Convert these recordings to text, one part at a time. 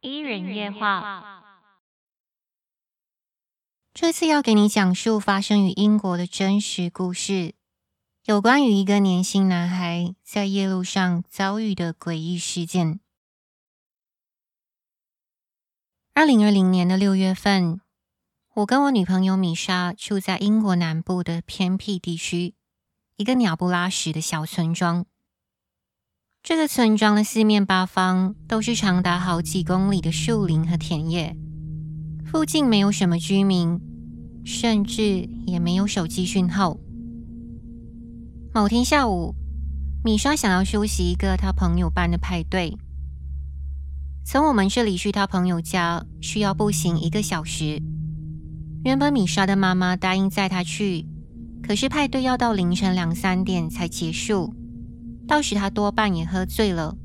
伊人夜話，這次要給你講述發生於英國的真實故事，有關於一個年輕男孩在夜路上遭遇的詭異事件。二零二零年的六月份，我跟我女朋友米莎住在英國南部的偏僻地區，一個鳥不拉屎的小村莊。這個村莊的四面八方都是長達好幾公里的樹林和田野，附近沒有什麼居民，甚至也沒有手機訊號。某天下午，米莎想要出席一個她朋友辦的派對。從我們這裡去她朋友家需要步行一個小時。原本米莎的媽媽答應載她去，可是派對要到凌晨兩三點才結束。到時他多半也喝醉了，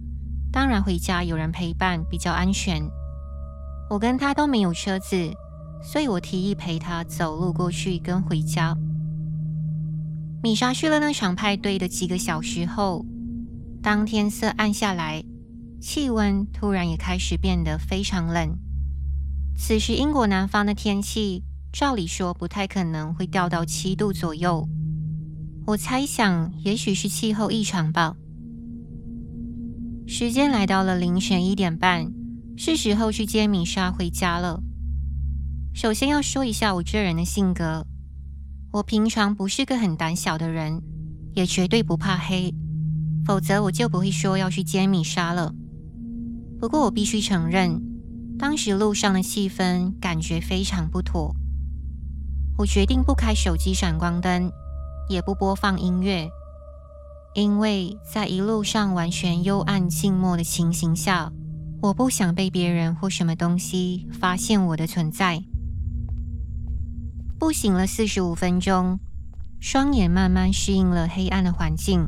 當然回家有人陪伴比較安全。我跟他都沒有車子，所以我提議陪他走路過去，跟回家。米莎去了那場派對的幾個小時後，當天色暗下來，氣溫突然也開始變得非常冷。此時英國南方的天氣照理說不太可能會掉到七度左右。我猜想，也許是氣候異常吧。時間來到了凌晨一點半，是時候去接米莎回家了。首先要說一下我這人的性格，我平常不是個很膽小的人，也絕對不怕黑，否則我就不會說要去接米莎了。不過我必須承認，當時路上的氣氛感覺非常不妥。我決定不開手機閃光燈。也不播放音樂，因為在一路上完全幽暗靜默的情形下，我不想被別人或什麼東西發現我的存在。步行了四十五分鐘，雙眼慢慢適應了黑暗的環境。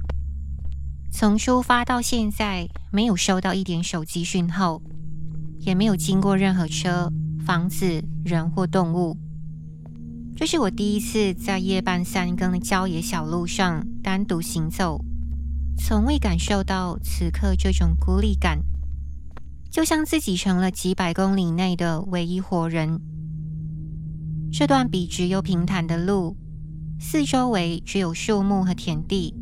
從出發到現在，沒有收到一點手機訊號，也沒有經過任何車、房子、人或動物。這是我第一次在夜半三更的郊野小路上單獨行走，從未感受到此刻這種孤立感，就像自己成了幾百公里內的唯一活人。這段筆直又平坦的路，四周圍只有樹木和田地。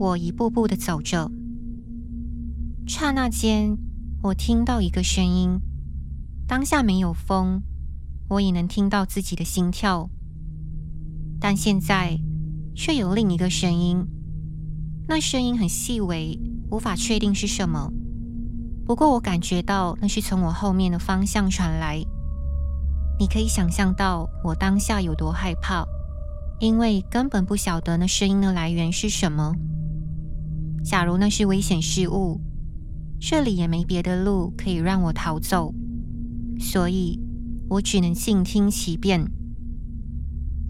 我一步步的走着，剎那間，我聽到一個聲音。當下沒有風。我也能聽到自己的心跳，但現在卻有另一個聲音。那聲音很細微，無法確定是什麼。不過我感覺到那是從我後面的方向傳來。你可以想象到我當下有多害怕，因為根本不曉得那聲音的來源是什麼。假如那是危險事物，這裡也沒別的路可以讓我逃走，所以，我只能靜聽其變。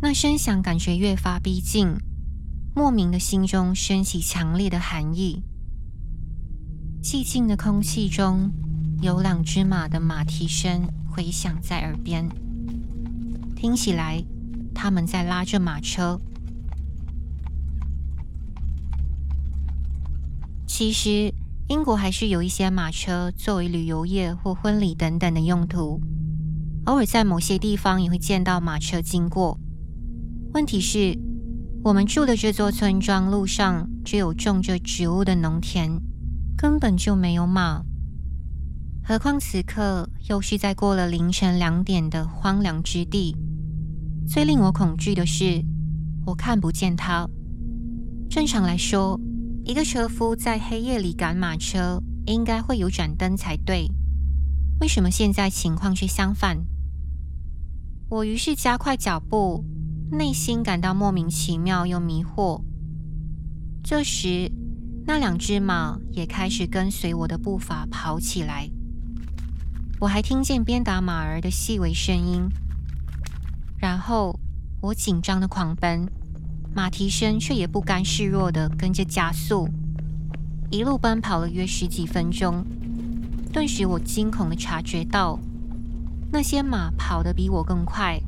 那聲響感覺越發逼近，莫名的心中升起強烈的寒意。寂靜的空氣中，有兩隻馬的馬蹄聲回響在耳邊，聽起來他們在拉着馬車。其實，英國還是有一些馬車作為旅遊業或婚禮等等的用途。偶爾在某些地方也會見到馬車經過。問題是，我們住的這座村莊路上只有種着植物的農田，根本就沒有馬。何況此刻又是在過了凌晨兩點的荒涼之地。最令我恐懼的是，我看不見它。正常來說，一個車夫在黑夜裡趕馬車應該會有盞燈才對。為什麼現在情況卻相反？我於是加快腳步，內心感到莫名其妙又迷惑。這時，那兩隻馬也開始跟隨我的步伐跑起來。我還聽見鞭打馬兒的細微聲音。然後我緊張地狂奔，馬蹄聲卻也不甘示弱地跟着加速，一路奔跑了約十幾分鐘。頓時，我驚恐地察覺到。那些馬跑得比我更快，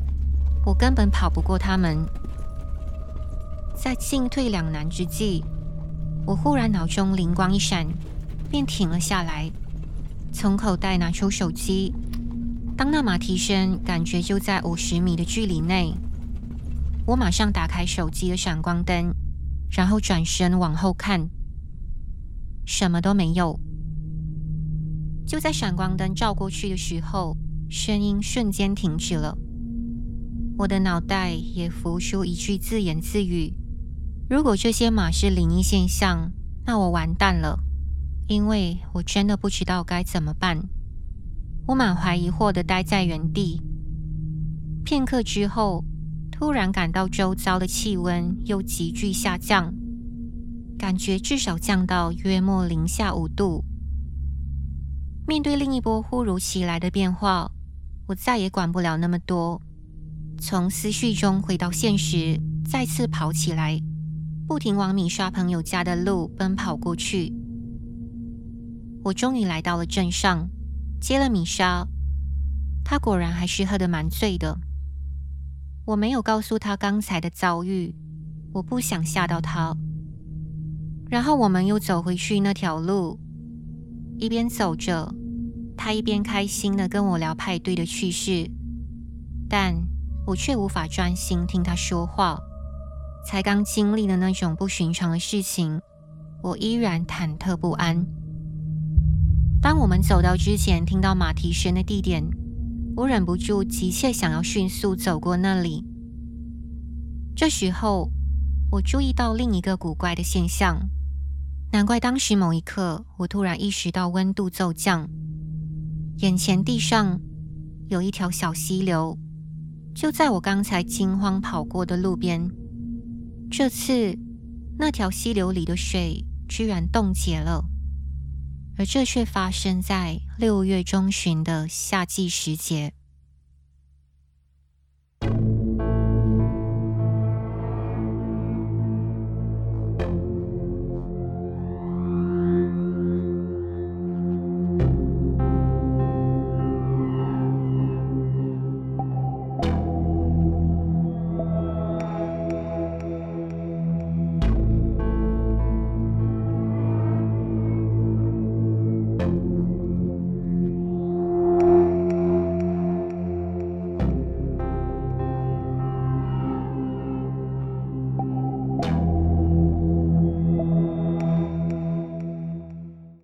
我根本跑不過他們。在進退兩難之際，我忽然腦中靈光一閃，便停了下來，從口袋拿出手機。當那馬蹄聲感覺就在五十米的距離內，我馬上打開手機的閃光燈，然後轉身往後看，什麼都沒有。就在閃光燈照過去的時候。聲音瞬間停止了，我的腦袋也浮出一句自言自語：“如果這些馬是靈異現象，那我完蛋了，因為我真的不知道該怎麼辦。”我滿懷疑惑的待在原地，片刻之後，突然感到周遭的氣溫又急劇下降，感覺至少降到約莫零下五度。面對另一波忽如其來的變化。我再也管不了那麼多，從思緒中回到現實，再次跑起來，不停往米莎朋友家的路奔跑過去。我終於來到了鎮上，接了米莎，她果然還是喝得蠻醉的。我沒有告訴她剛才的遭遇，我不想嚇到她。然後我們又走回去那條路，一邊走着。他一邊開心地跟我聊派對的趣事，但我卻無法專心聽他說話。才剛經歷了那種不尋常的事情，我依然忐忑不安。當我們走到之前聽到馬蹄聲的地點，我忍不住急切想要迅速走過那裡。這時候，我注意到另一個古怪的現象，難怪當時某一刻我突然意識到溫度驟降。眼前地上有一條小溪流，就在我剛才驚慌跑過的路邊。這次那條溪流裡的水居然凍結了，而這卻發生在六月中旬的夏季時節。